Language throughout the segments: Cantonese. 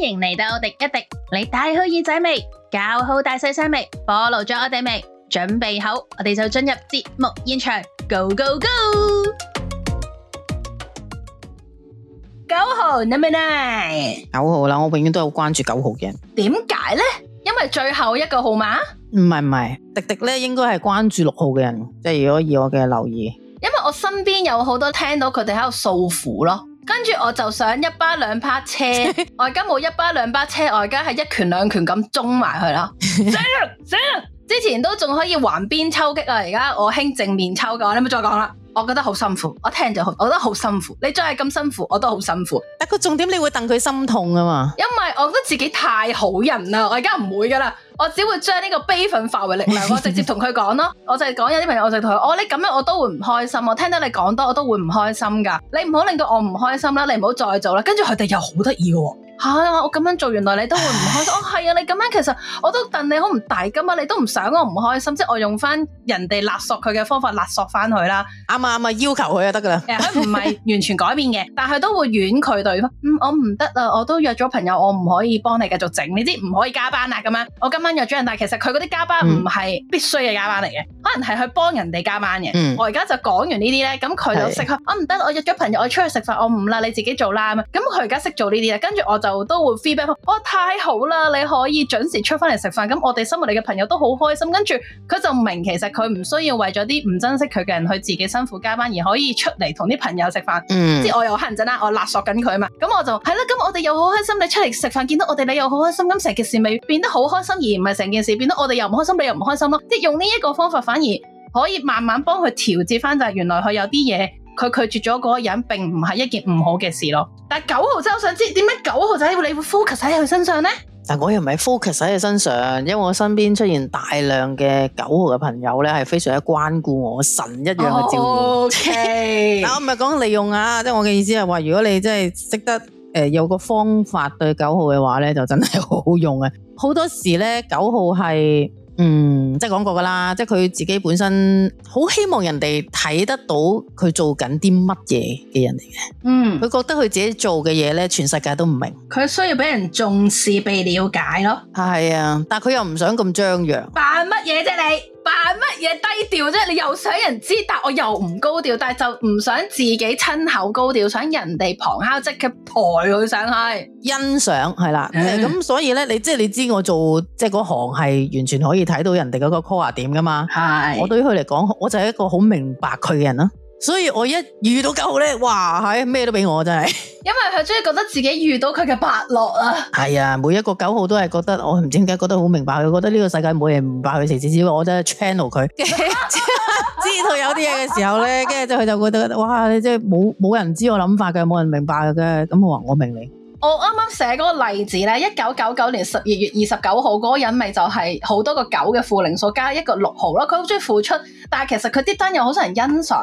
歡迎嚟到廸一廸，你帶好耳仔未？搞好大細聲未？暴露咗我哋未？準備好，我哋就進入節目現場，Go Go Go！九號 number nine，九號啦，我永遠都有關注九號嘅人，點解咧？因為最後一個號碼，唔係唔係，廸廸咧應該係關注六號嘅人，即係如果以我嘅留意，因為我身邊有好多聽到佢哋喺度訴苦咯。跟住我就想一巴兩巴， 巴，巴車，我而家冇一巴兩巴車，我而家係一拳兩拳咁中埋佢啦！死啦死啦！之前都仲可以橫邊抽擊啊，而家我興正面抽嘅話，你唔好再講啦。我覺得好辛苦，我聽就好，我覺得好辛苦。你再係咁辛苦，我都好辛苦。但個重點，你會戥佢心痛啊嘛？因為我覺得自己太好人啦，我而家唔會噶啦，我只會將呢個悲憤化為力量，我直接同佢講咯。 我就係講有啲朋友，我就同佢講：哦，你咁樣，我都會唔開心。我聽到你講多，我都會唔開心噶。你唔好令到我唔開心啦，你唔好再做啦。跟住佢哋又好得意噶。嚇、啊！我咁樣做，原來你都會唔開心。我係、 哦、啊，你咁樣其實我都戥你好唔抵噶嘛，你都唔想我唔開心，即係我用翻人哋勒索佢嘅方法勒索翻佢啦。啱啊啱啊，啊，要求佢就得噶啦。佢唔係完全改變嘅，但係都會軟佢對方。嗯，我唔得啊，我都約咗朋友，我唔可以幫你繼續整呢啲，唔可以加班啊咁樣。我今晚約咗人，但係其實佢嗰啲加班唔係必須嘅加班嚟嘅，嗯、可能係去幫人哋加班嘅。嗯、我而家就講完呢啲咧，咁佢就識是啊，我唔得，我約咗朋友，我出去食飯，我唔啦，你自己做啦，咁佢而家識做呢啲啦，跟住我就。就都會 feedback，我、哦、太好啦！你可以準時出翻嚟食飯，咁我哋生活嚟嘅朋友都好開心。跟住佢就明，其實佢唔需要為咗啲唔珍惜佢嘅人去自己辛苦加班，而可以出嚟同啲朋友食飯。即係、嗯、我又開緊啦，我勒索緊佢啊嘛。咁我就係啦，咁、哎、我哋又好開心，你出嚟食飯，見到我哋你又好開心，咁成件事咪變得好開心，而唔係成件事變得我哋又唔開心，你又唔開心咯。即係用呢一個方法，反而可以慢慢幫佢調節翻就係，原來佢有啲嘢佢拒絕咗嗰個人並唔係一件唔好嘅事咯。但係九號真係，我想知點解九號仔你會 focus 喺佢身上咧？但我又唔係 focus 喺佢身上，因為我身邊出現大量嘅九號嘅朋友咧，係非常之關顧我，神一樣嘅照顧。O、oh, K，okay. 我唔係講利用啊，即係我嘅意思係話，如果你真係識得誒、呃、有個方法對九號嘅話咧，就真係好好用啊！好多時咧，九號係。嗯，即係講過噶啦，即係佢自己本身好希望人哋睇得到佢做緊啲乜嘢嘅人嚟嘅。嗯，佢覺得佢自己做嘅嘢咧，全世界都唔明。佢需要俾人重視，被了解咯。係啊，但係佢又唔想咁張揚。扮乜嘢啫你？扮乜嘢低調啫？你又想人知，但我又唔高調，但係就唔想自己親口高調，想人哋旁敲即刻抬佢上去欣賞，係啦。咁、 嗯、所以咧，你即係你知我做即係嗰行係完全可以睇到人哋嗰個 core 點噶嘛。係是，我對於佢嚟講，我就係一個好明白佢嘅人啦。所以我一遇到九號咧，哇，係咩都俾我真係，因為佢鍾意覺得自己遇到佢嘅伯樂啊。係 啊，每一個九號都係覺得我唔知點解覺得好明白，覺得呢個世界冇人唔明白佢事，只知我真係 channel 佢， 知道有啲嘢嘅時候咧，跟住就佢就覺得哇，你真係冇冇人知道我諗法嘅，冇人明白嘅，咁我話我明白你。我啱啱寫嗰個例子咧，一九九九年十二月二十九號嗰個人咪就係好多個九嘅副靈數加一個六號咯，佢好中意付出，但係其實佢啲單有好多人欣賞。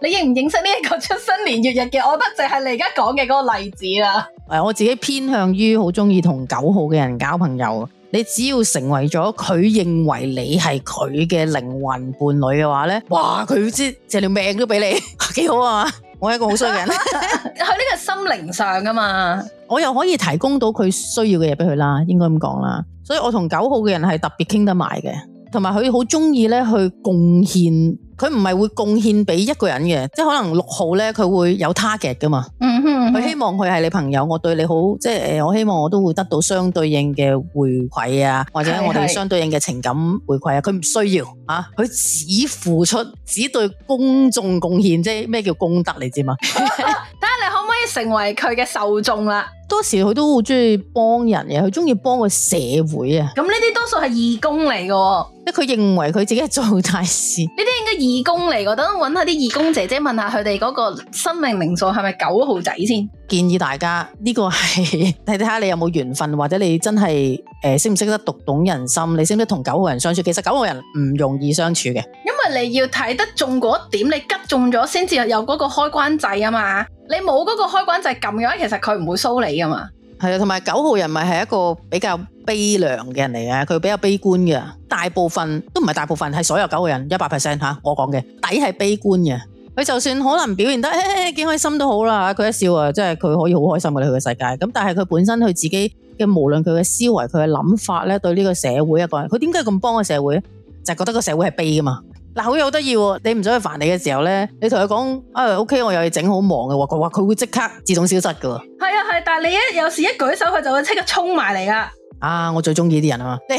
你認唔認識呢一個出生年月日嘅？我覺得就係你而家講嘅嗰個例子啦。誒、哎，我自己偏向於好中意同九號嘅人交朋友。你只要成為咗佢認為你係佢嘅靈魂伴侶嘅話咧，哇！佢知成條命都俾你幾 好啊！我是一個好衰嘅人，佢呢個係，心靈上㗎嘛，我又可以提供到佢需要嘅嘢俾佢啦，應該咁講啦。所以我同九號嘅人係特別傾得埋嘅，同埋佢好中意咧去貢獻。佢唔係會貢獻俾一個人嘅，即可能六號咧，佢會有 target 噶嘛。嗯哼、mm，佢、hmm, mm hmm. 希望佢係你朋友，我對你好，即我希望我都會得到相對應嘅回饋啊，或者我哋相對應嘅情感回饋啊。佢唔是需要啊，佢只付出，只對公眾貢獻，即係咩叫功德你知嘛？睇 下 你可唔可以成為佢嘅受眾啦。多時佢都好中意幫人嘅，佢中意幫個社會啊。咁呢啲多數係義工嚟嘅。即係佢認為佢自己係做大事，呢啲應該義工嚟，等我等揾下啲義工姐姐問下佢哋嗰個生命靈數係咪九號仔先。建議大家呢個係睇睇下你有冇緣分，或者你真係誒識唔識得讀懂人心，你識唔識同九號人相處？其實九號人唔容易相處嘅，因為你要睇得中嗰點，你急中咗先至有嗰個開關掣啊嘛。你冇嗰個開關掣撳嘅話，其實佢唔會騷你噶嘛。係啊，同埋九號人咪係一個比較悲涼嘅人嚟嘅，佢比較悲觀嘅，大部分都唔係大部分，係所有九號人一百 percent 吓，我講嘅底係悲觀嘅。佢就算可能表現得幾開心都好啦，佢一笑啊，即係佢可以好開心嘅佢嘅世界。咁但係佢本身佢自己嘅無論佢嘅思維佢嘅諗法咧，對呢個社會一個人，佢點解咁幫個社會咧？就係覺得個社會係悲噶嘛。嗱，好、啊、有得意喎！你唔想去煩你嘅時候呢，你同佢講啊，OK，我又要整好忙嘅喎，佢話佢會即刻自動消失嘅喎、啊。係啊係、啊，但係你一有時一舉手佢就會即刻衝埋嚟㗎。啊，我最中意啲人啊嘛，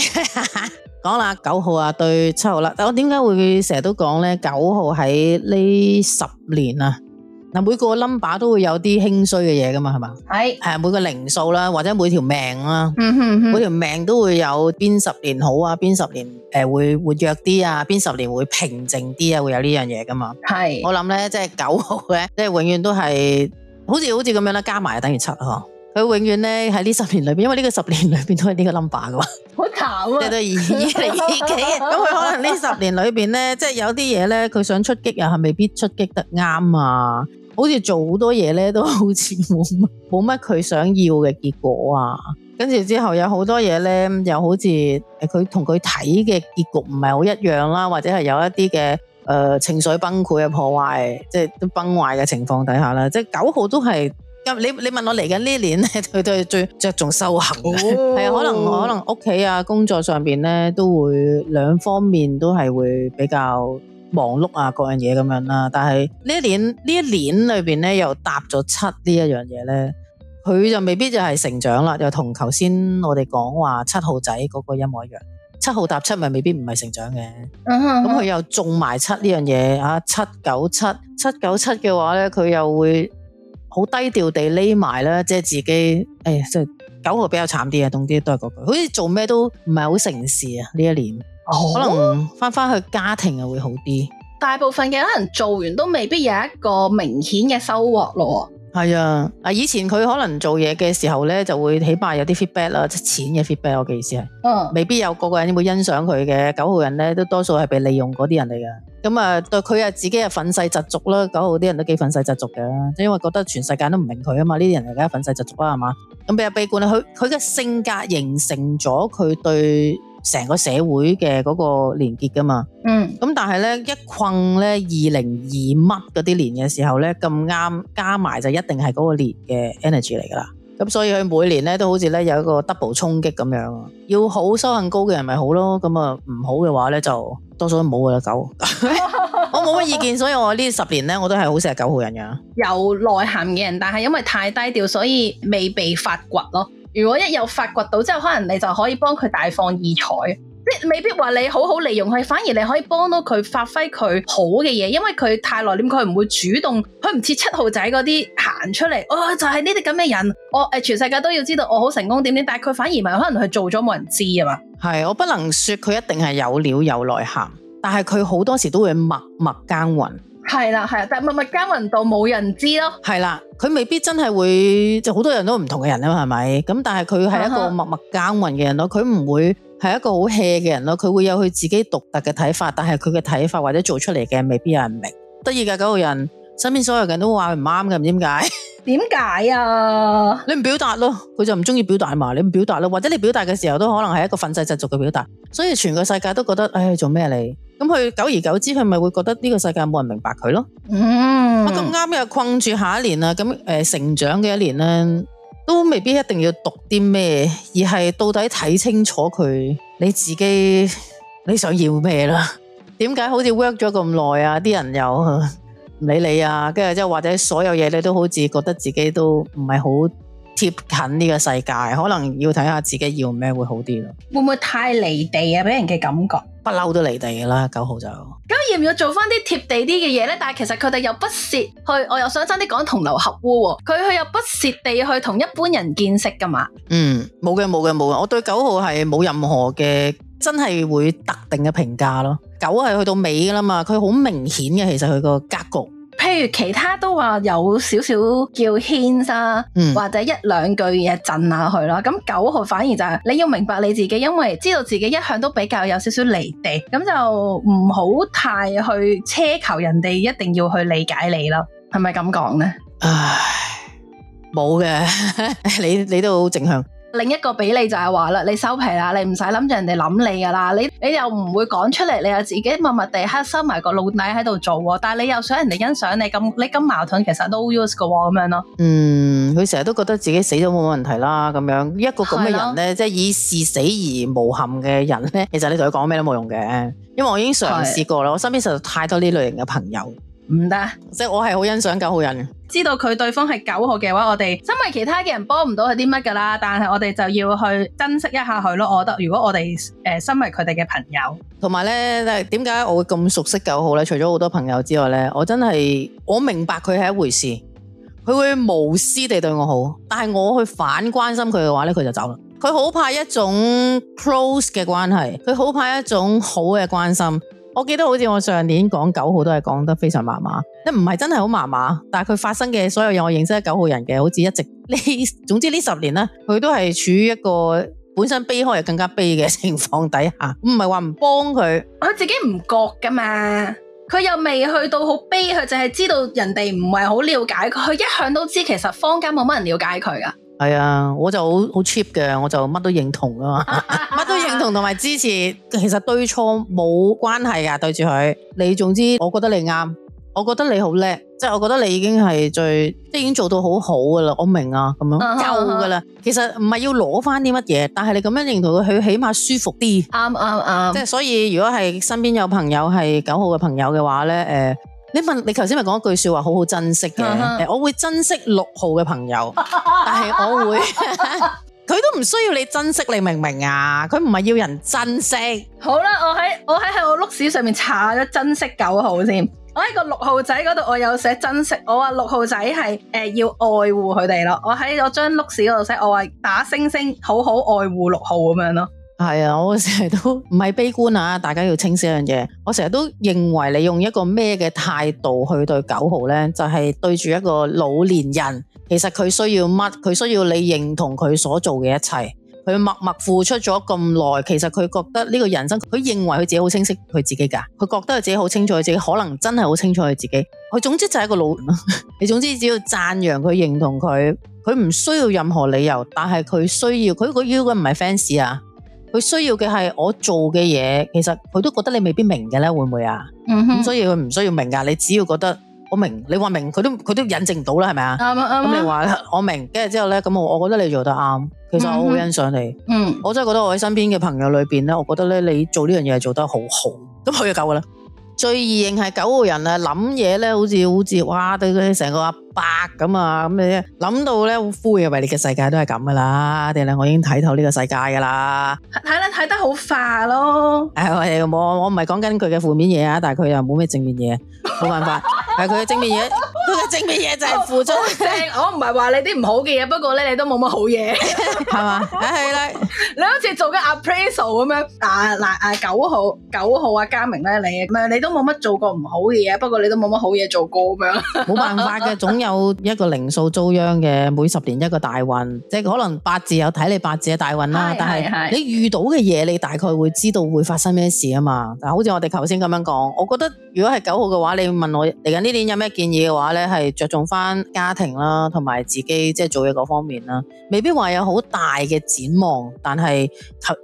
講 啦，九號啊對七號啦、啊，但我點解會成日都講呢？九號喺呢十年啊。每個 number 都會有啲輕衰嘅嘢噶嘛，係嘛？係誒是，每個靈數啦，或者每條命啦、啊，嗯、哼哼每條命都會有邊十年好啊，邊十年誒會活躍啲啊，邊十年會平靜啲啊，會有呢樣嘢噶嘛？係是，我諗咧、就是，即係九號咧，即係永遠都係好似好似咁樣啦，加埋等於七號。佢永遠咧喺呢十年裏邊，因為呢個十年裏邊都係呢個 number 噶嘛，好慘啊，都二零二幾。咁佢 可能呢十年裏邊咧，即係有啲嘢咧，佢想出擊又係未必出擊得啱啊。好似做好多嘢咧，都好似冇冇乜佢想要嘅結果啊！跟住之後有好多嘢咧，又好似誒佢同佢睇嘅結局唔係好一樣啦，或者係有一啲嘅誒情緒崩潰嘅破壞，即係都崩壞嘅情況底下啦。即係九號都係，你你問我嚟緊呢年咧，佢都係最着重修行嘅，係啊、哦， 可能可能屋企啊、工作上邊咧，都會兩方面都係會比較，忙碌啊，各樣嘢咁樣啦，但係呢一年呢一年裏邊咧，又搭咗七呢一樣嘢咧，佢就未必就係成長啦。又同頭先我哋講話七號仔嗰個一模一樣，七號搭七咪未必唔係成長嘅。咁佢、嗯、又種埋七呢樣嘢啊，七九七七九七嘅話咧，佢又會好低調地匿埋啦，即係自己誒、哎，即係九號比較慘啲啊，凍啲都係嗰句，好似做咩都唔係好成事啊呢一年。Oh. 可能翻翻去家庭啊會好啲。大部分嘅可能做完都未必有一個明顯嘅收穫咯。係啊，啊以前佢可能做嘢嘅時候咧，就會起碼有啲 feedback 啦，即、就、係、是、錢嘅 feedback 我嘅意思係，嗯、uh，huh. 未必有個個人會欣賞佢嘅。九號人咧都多數係被利用嗰啲人嚟嘅。咁、嗯、啊、嗯，對佢啊自己啊憤世嫉俗啦。九號啲人都幾憤世嫉俗嘅，即因為覺得全世界都唔明佢啊嘛。呢啲人梗係憤世嫉俗啦，係嘛。咁比較悲觀啦，佢佢嘅性格形成咗佢對。成個社會嘅嗰個連結㗎嘛，嗯，但但，咁但係咧一困咧二零二乜嗰啲年嘅時候咧，咁啱加埋就一定係嗰個年嘅 energy 嚟㗎啦，咁所以佢每年咧都好似咧有一個 double 衝擊咁樣，要好修行高嘅人咪好咯，咁啊唔好嘅話咧就多數都冇㗎啦，九， 哈哈 我冇乜意見，所以我呢十年咧我都係好成日九號人㗎，有內涵嘅人，但係因為太低調，所以未被發掘咯。如果一有發掘到之後，可能你就可以幫佢大放異彩，即未必話你好好利用佢，反而你可以幫到佢發揮佢好嘅嘢，因為佢太內斂，佢唔會主動，佢唔似七號仔嗰啲行出嚟。哦，就係呢啲咁嘅人，我、哦、誒、呃、全世界都要知道我好成功點點，但係佢反而唔係，可能佢做咗冇人知啊嘛。係，我不能説佢一定係有料有內涵，但係佢好多時都會默默耕耘。係啦，係啊，但係默默耕耘到冇人知咯。係啦，佢未必真係會，就好多人都唔同嘅人啊嘛，係咪？咁但係佢係一個默默耕耘嘅人咯，佢唔會係一個好 hea 嘅人咯，佢會有佢自己獨特嘅睇法，但係佢嘅睇法或者做出嚟嘅未必有人明。得意嘅九個人。身邊所有人都話唔啱嘅，唔知點解？點解啊？ 你唔表達咯，佢就唔中意表達嘛。你唔表達咯，或者你表達嘅時候都可能係一個憤世嫉俗嘅表達，所以全個世界都覺得，唉，做咩你？咁佢久而久之，佢咪會覺得呢個世界冇人明白佢咯？咁啱、嗯啊、又困住下一年啊，咁誒、呃、成長嘅一年咧，都未必一定要讀啲咩，而係到底睇清楚佢你自己你想要咩啦？點解好似 work 咗咁耐啊？啲人又～ 唔理你啊，跟住即係或者所有嘢你都好似覺得自己都唔係好貼近呢個世界，可能要睇下自己要咩會好啲咯。會唔會太離地啊？俾人嘅感覺不嬲都離地嘅啦，九號就咁要唔要做返啲貼地啲嘅嘢咧？但係其實佢哋又不屑去，我又想真啲講同流合污喎。佢佢又不屑地去同一般人見識噶嘛？嗯，冇嘅冇嘅冇嘅，我對九號係冇任何嘅真係會特定嘅評價咯。九係去到尾㗎啦嘛，佢好明顯嘅，其實佢個格局。譬如其他都話有少少叫 hint 啊，嗯、或者一兩句嘢震下去啦。咁九號反而就係你要明白你自己，因為知道自己一向都比較有少少離地，咁就唔好太去奢求人哋一定要去理解你咯。係咪咁講呢？唉，冇嘅， 你你都好正向。另一個比例就係話啦，你收皮啦，你唔使諗住人哋諗你噶啦，你你又唔會講出嚟，你又自己默默地黑收埋個老底喺度做，但係你又想人哋欣賞你，咁你咁矛盾，其實都 no use 噶咁樣咯。嗯，佢成日都覺得自己死都冇問題啦，咁樣一個咁嘅人咧，是的 即係以視死而無憾嘅人咧，其實你同佢講咩都冇用嘅，因為我已經嘗試過啦，是的 我身邊實在太多呢類型嘅朋友。唔得，即係我係好欣賞九號人嘅。知道佢對方係九號嘅話，我哋身為其他嘅人幫唔到佢啲乜噶啦，但係我哋就要去珍惜一下佢咯。我覺得如果我哋誒身為佢哋嘅朋友，同埋呢點解我會咁熟悉九號呢？除咗好多朋友之外呢，我真係我明白佢係一回事，佢會無私地對我好，但係我去反關心佢嘅話呢，佢就走啦。佢好怕一種 close 嘅關係，佢好怕一種好嘅關心。我記得好似我上年講九號都係講得非常麻麻，即係唔係真係好麻麻，但係佢發生嘅所有嘢，我認識的九號人嘅，好似一直呢，總之呢十年呢，佢都係處於一個本身悲開又更加悲嘅情況底下，唔係話唔幫佢，佢自己唔覺㗎嘛，佢又未去到好悲，佢就係知道人哋唔係好了解佢，佢一向都知其實坊間冇乜人了解佢㗎。係啊，我就好好 cheap 嘅，我就乜都認同噶嘛，乜 都認同同埋支持。其實對錯冇關係噶，對住佢，你總之我覺得你啱，我覺得你好叻，即係我覺得你已經係最，即係已經做到好好噶啦。我明啊，咁樣夠噶啦。其實唔係要攞翻啲乜嘢，但係你咁樣認同佢，佢起碼舒服啲。啱啱啱，即、huh、係、huh. 所以如果係身邊有朋友係九號嘅朋友嘅話咧，誒、呃。你問你頭先咪講一句説話，好好珍惜嘅、 欸、我會珍惜六號嘅朋友，但係我會佢 都唔需要你珍惜，你明唔明啊？佢唔係要人珍惜。好啦，我喺我喺喺我碌屎上面查咗珍惜九號先，我喺個六號仔嗰度，我有寫珍惜，我話六號仔係誒、呃、要愛護佢哋咯。我喺我張碌屎嗰度寫，我話打星星，好好愛護六號咁樣咯。係啊，我成日都唔係悲觀啊，大家要清醒一樣嘢。我成日都認為你用一個咩嘅態度去對九號呢，就係、是、對住一個老年人。其實佢需要乜，佢需要你認同佢所做嘅一切。佢默默付出咗咁耐，其實佢覺得呢個人生，佢認為佢自己好清晰，佢自己㗎，佢覺得佢自己好清楚，佢自己可能真係好清楚佢自己。佢總之就係一個老人，你 總之只要讚揚佢，認同佢，佢唔需要任何理由，但係佢需要佢個要嘅唔係 fans 啊。佢需要嘅係我做嘅嘢，其實佢都覺得你未必明嘅咧，會唔會啊？咁，嗯哼，所以佢唔需要明噶，你只要覺得我明，你話明佢都佢都引證唔到啦，係咪啊？啱啊啱啊！咁你話我明，跟住之後咧，咁我我覺得你做得啱，其實我好欣賞你，嗯，嗯，我真係覺得我喺身邊嘅朋友裏邊咧，我覺得咧你做呢樣嘢做得好好，咁佢就夠噶啦。最易認係九號人啊，諗嘢咧，好似好似哇，對對成個阿伯咁啊咁嘅，諗到呢，好灰啊！咪你嘅世界都係咁噶啦，我哋兩個已經睇透呢個世界噶啦，睇咧，睇得好化咯。誒、哎、我我唔係講緊佢嘅負面嘢啊，但係佢又冇咩正面嘢，冇辦法係佢嘅正面嘢。 啲嘢就係付出，我唔係話你啲唔好嘅嘢，不過咧，你都冇乜好嘢，係嘛？係啦，你好似做緊 appraisal 咁樣，啊嗱啊九號九號啊，嘉明咧，你咪你都冇乜做過唔好嘅嘢，不過你都冇乜好嘢做過咁樣，冇 辦法嘅，總有一個靈數遭殃嘅，每十年一個大運，即係可能八字有睇你八字嘅大運啦， 但係你遇到嘅嘢，你大概會知道會發生咩事啊嘛，但 好似我哋頭先咁樣講，我覺得如果係九號嘅話，你問我嚟緊呢年有咩建議嘅話咧，係。着重翻家庭啦，同埋自己即係做嘢嗰方面啦，未必話有好大嘅展望，但係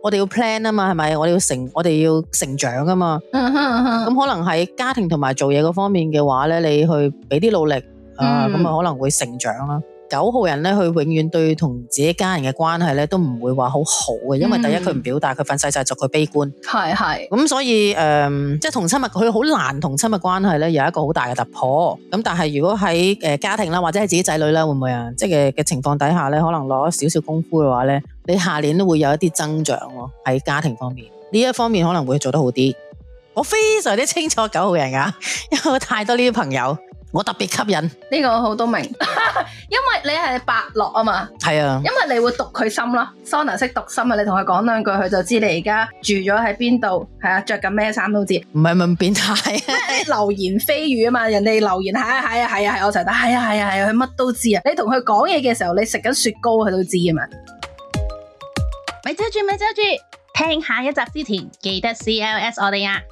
我哋要 plan 啊嘛，係咪？我哋要成，我哋要成長啊嘛。咁 可能喺家庭同埋做嘢嗰方面嘅話咧，你去俾啲努力、嗯、啊，咁啊可能會成長啦。九號人咧，佢永遠對同自己家人嘅關係咧，都唔會話好好嘅，因為第一佢唔、嗯、表達，佢份世就係做佢悲觀。係係是。咁、嗯、所以誒、呃，即係同親密，佢好難同親密關係咧有一個好大嘅突破。咁、嗯、但係如果喺誒家庭啦，或者係自己仔女啦，會唔會啊？即係嘅情況底下咧，可能攞少少功夫嘅話咧，你下年都會有一啲增長喎、哦。喺家庭方面，呢一方面可能會做得好啲。我非常之清楚九號人噶、啊，因為我太多呢啲朋友。我特別吸引呢個我都明， 因為你係伯樂啊嘛，係啊，因為你會讀佢心咯。Sona 識讀心啊，你同佢講兩句，佢就知你而家住咗喺邊度，係啊，着緊咩衫都知。唔係問變態，流言蜚語啊嘛，人哋流言係啊係啊係啊係，我齊答係啊係啊係，佢乜都知啊。你同佢講嘢嘅時候，你食緊雪糕，佢都知啊嘛。咪遮住咪遮住，聽下一集之前記得 CLS 我哋啊。